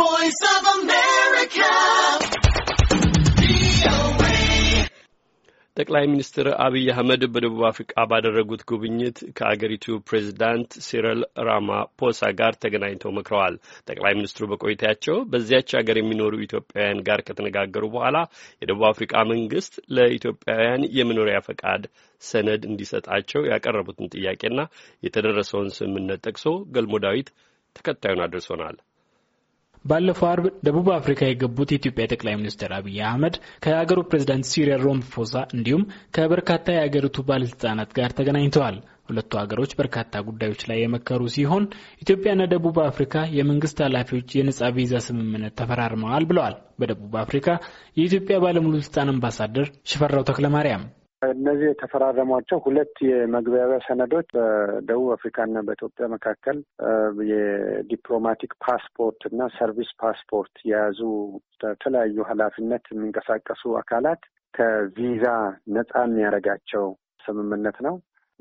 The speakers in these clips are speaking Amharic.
voice of America. ጠቅላይ ሚኒስትር አብይ አህመድ በደቡብ አፍሪቃ ባደረጉት ጉብኝት ከአገሪቱ ፕሬዚዳንት ሲረል ፖሳ ጋር ተገናኝተው መክረዋል። ጠቅላይ ሚኒስትሩ በቆይታቸው በዚያች ሀገር የሚኖሩ ኢትዮጵያውያን ጋር ከተነጋገሩ በኋላ የደቡብ አፍሪቃ መንግስት ለኢትዮጵያውያን የመኖሪያ ፈቃድ ሰነድ እንዲሰጣቸው ያቀረቡትን ጥያቄና የተደረሰውን ስምምነት ጠቅሶ ገልሞ ዳዊት ተከታዩን አድርሶናል። ባለፈው አርብ ደቡብ አፍሪካ የገቡት የኢትዮጵያ ጠቅላይ ሚኒስትር አብይ አህመድ ከሀገሩ ፕሬዚዳንት ሲሪል ራማፎሳ እንዲሁም ከበርካታ የሀገሪቱ ባለስልጣናት ጋር ተገናኝተዋል። ሁለቱ ሀገሮች በርካታ ጉዳዮች ላይ የመከሩ ሲሆን ኢትዮጵያና ደቡብ አፍሪካ የመንግስት ኃላፊዎች የነጻ ቪዛ ስምምነት ተፈራርመዋል ብለዋል። በደቡብ አፍሪካ የኢትዮጵያ ባለሙሉ ስልጣን አምባሳደር ሽፈራው ተክለማርያም እነዚህ የተፈራረሟቸው ሁለት የመግባቢያ ሰነዶች በደቡብ አፍሪካና በኢትዮጵያ መካከል የዲፕሎማቲክ ፓስፖርት እና ሰርቪስ ፓስፖርት የያዙ በተለያዩ ኃላፊነት የሚንቀሳቀሱ አካላት ከቪዛ ነፃ የሚያደርጋቸው ስምምነት ነው።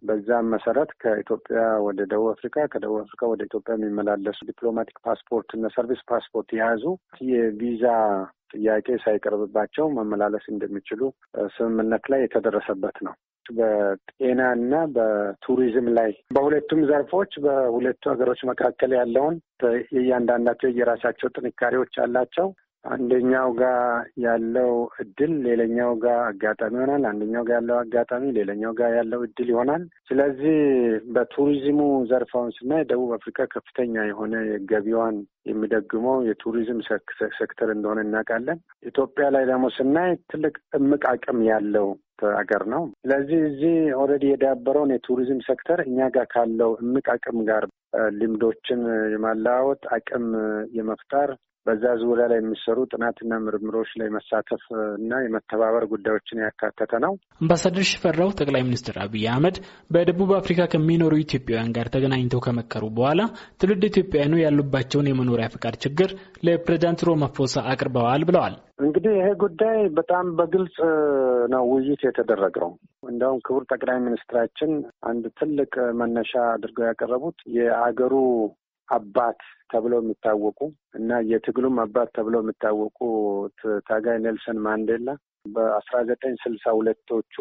በዛም መሰረት ከኢትዮጵያ ወደ ደቡብ አፍሪካ ከደቡብ አፍሪካ ወደ ኢትዮጵያ የሚመላለሱ ዲፕሎማቲክ ፓስፖርት እና ሰርቪስ ፓስፖርት የያዙ የቪዛ ጥያቄ ሳይቀርብባቸው መመላለስ እንደሚችሉ ስምምነት ላይ የተደረሰበት ነው። በጤና እና በቱሪዝም ላይ በሁለቱም ዘርፎች በሁለቱ ሀገሮች መካከል ያለውን የእያንዳንዳቸው የራሳቸው ጥንካሬዎች አላቸው። አንደኛው ጋር ያለው እድል ሌላኛው ጋር አጋጣሚ ይሆናል። አንደኛው ጋር ያለው አጋጣሚ ሌላኛው ጋር ያለው እድል ይሆናል። ስለዚህ በቱሪዝሙ ዘርፋውን ስናይ ደቡብ አፍሪካ ከፍተኛ የሆነ ገቢዋን የሚደግመው የቱሪዝም ሴክተር እንደሆነ እናውቃለን። ኢትዮጵያ ላይ ደግሞ ስናይ ትልቅ እምቅ አቅም ያለው ሀገር ነው። ስለዚህ እዚህ ኦልሬዲ የዳበረውን የቱሪዝም ሴክተር እኛ ጋር ካለው እምቅ አቅም ጋር ልምዶችን የማለዋወጥ አቅም የመፍጠር በዛ ዙሪያ ላይ የሚሰሩ ጥናትና ምርምሮች ላይ መሳተፍ እና የመተባበር ጉዳዮችን ያካተተ ነው። አምባሳደር ሽፈራው ጠቅላይ ሚኒስትር አብይ አህመድ በደቡብ አፍሪካ ከሚኖሩ ኢትዮጵያውያን ጋር ተገናኝተው ከመከሩ በኋላ ትውልድ ኢትዮጵያውያኑ ያሉባቸውን የመኖሪያ ፍቃድ ችግር ለፕሬዚዳንት ሮማፎሳ አቅርበዋል ብለዋል። እንግዲህ ይሄ ጉዳይ በጣም በግልጽ ነው ውይይት የተደረገው። እንደውም ክቡር ጠቅላይ ሚኒስትራችን አንድ ትልቅ መነሻ አድርገው ያቀረቡት የአገሩ አባት ተብለው የሚታወቁ እና የትግሉም አባት ተብለው የሚታወቁ ታጋይ ኔልሰን ማንዴላ በአስራ ዘጠኝ ስልሳ ሁለቶቹ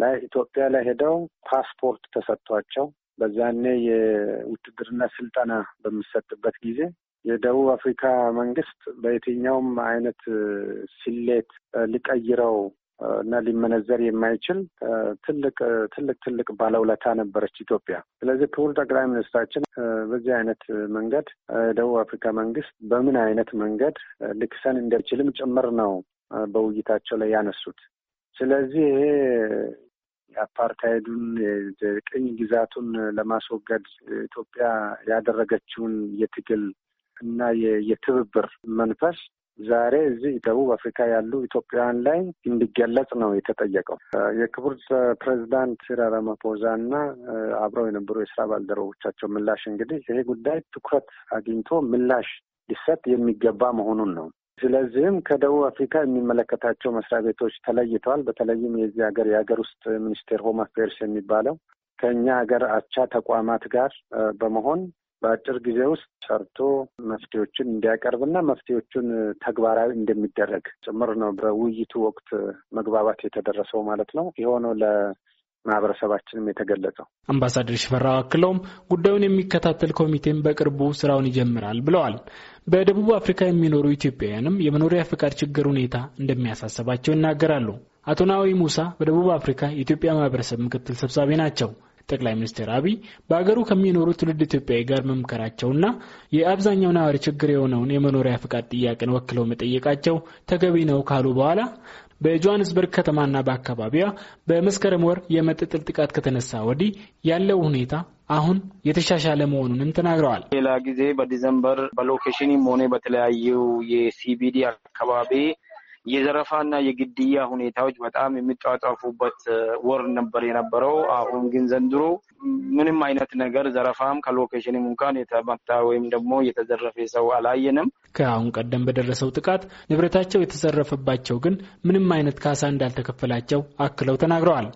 ላይ ኢትዮጵያ ላይ ሄደው ፓስፖርት ተሰጥቷቸው በዛኔ የውትድርና ስልጠና በሚሰጥበት ጊዜ የደቡብ አፍሪካ መንግስት በየትኛውም አይነት ስሌት ሊቀይረው እና ሊመነዘር የማይችል ትልቅ ትልቅ ትልቅ ባለውለታ ነበረች ኢትዮጵያ። ስለዚህ ክቡር ጠቅላይ ሚኒስትራችን በዚህ አይነት መንገድ የደቡብ አፍሪካ መንግስት በምን አይነት መንገድ ልክሰን እንደችልም ጭምር ነው በውይይታቸው ላይ ያነሱት። ስለዚህ ይሄ የአፓርታይዱን የቅኝ ግዛቱን ለማስወገድ ኢትዮጵያ ያደረገችውን የትግል እና የትብብር መንፈስ ዛሬ እዚህ ደቡብ አፍሪካ ያሉ ኢትዮጵያውያን ላይ እንዲገለጽ ነው የተጠየቀው። የክቡር ፕሬዚዳንት ሲራራ ማፖዛ እና አብረው የነበሩ የስራ ባልደረቦቻቸው ምላሽ እንግዲህ ይሄ ጉዳይ ትኩረት አግኝቶ ምላሽ ሊሰጥ የሚገባ መሆኑን ነው። ስለዚህም ከደቡብ አፍሪካ የሚመለከታቸው መስሪያ ቤቶች ተለይተዋል። በተለይም የዚህ ሀገር የሀገር ውስጥ ሚኒስቴር ሆም አፌርስ የሚባለው ከእኛ ሀገር አቻ ተቋማት ጋር በመሆን በአጭር ጊዜ ውስጥ ሰርቶ መፍትሄዎችን እንዲያቀርብና መፍትሄዎቹን ተግባራዊ እንደሚደረግ ጭምር ነው በውይይቱ ወቅት መግባባት የተደረሰው ማለት ነው የሆነው ለ ማህበረሰባችንም የተገለጸው አምባሳደር ሽፈራው አክለውም ጉዳዩን የሚከታተል ኮሚቴም በቅርቡ ስራውን ይጀምራል ብለዋል። በደቡብ አፍሪካ የሚኖሩ ኢትዮጵያውያንም የመኖሪያ ፍቃድ ችግር ሁኔታ እንደሚያሳስባቸው ይናገራሉ። አቶ ናዊ ሙሳ በደቡብ አፍሪካ የኢትዮጵያ ማህበረሰብ ምክትል ሰብሳቢ ናቸው። ጠቅላይ ሚኒስትር አብይ በአገሩ ከሚኖሩ ትውልድ ኢትዮጵያዊ ጋር መምከራቸውና የአብዛኛው ነዋሪ ችግር የሆነውን የመኖሪያ ፍቃድ ጥያቄን ወክለው መጠየቃቸው ተገቢ ነው ካሉ በኋላ በጆሃንስበርግ ከተማና በአካባቢዋ በመስከረም ወር የመጠጥል ጥቃት ከተነሳ ወዲህ ያለው ሁኔታ አሁን የተሻሻለ መሆኑንም ተናግረዋል። ሌላ ጊዜ በዲዘምበር በሎኬሽንም ሆነ በተለያዩ የሲቢዲ አካባቢ የዘረፋና የግድያ ሁኔታዎች በጣም የሚጧጧፉበት ወር ነበር የነበረው። አሁን ግን ዘንድሮ ምንም አይነት ነገር ዘረፋም ከሎኬሽንም እንኳን የተመታ ወይም ደግሞ የተዘረፈ ሰው አላየንም። ከአሁን ቀደም በደረሰው ጥቃት ንብረታቸው የተዘረፈባቸው ግን ምንም አይነት ካሳ እንዳልተከፈላቸው አክለው ተናግረዋል።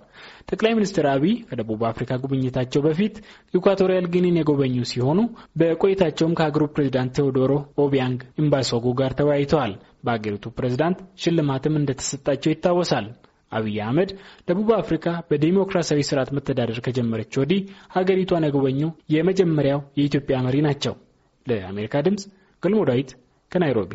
ጠቅላይ ሚኒስትር አብይ ከደቡብ አፍሪካ ጉብኝታቸው በፊት ኢኳቶሪያል ጊኒን የጎበኙ ሲሆኑ በቆይታቸውም ከሀገሩ ፕሬዚዳንት ቴዎዶሮ ኦቢያንግ ኢምባሶጎ ጋር ተወያይተዋል። በአገሪቱ ፕሬዚዳንት ሽልማትም እንደተሰጣቸው ይታወሳል። አብይ አህመድ ደቡብ አፍሪካ በዲሞክራሲያዊ ስርዓት መተዳደር ከጀመረች ወዲህ ሀገሪቷን የጎበኙ የመጀመሪያው የኢትዮጵያ መሪ ናቸው። ለአሜሪካ ድምፅ ገልሞ ዳዊት ከናይሮቢ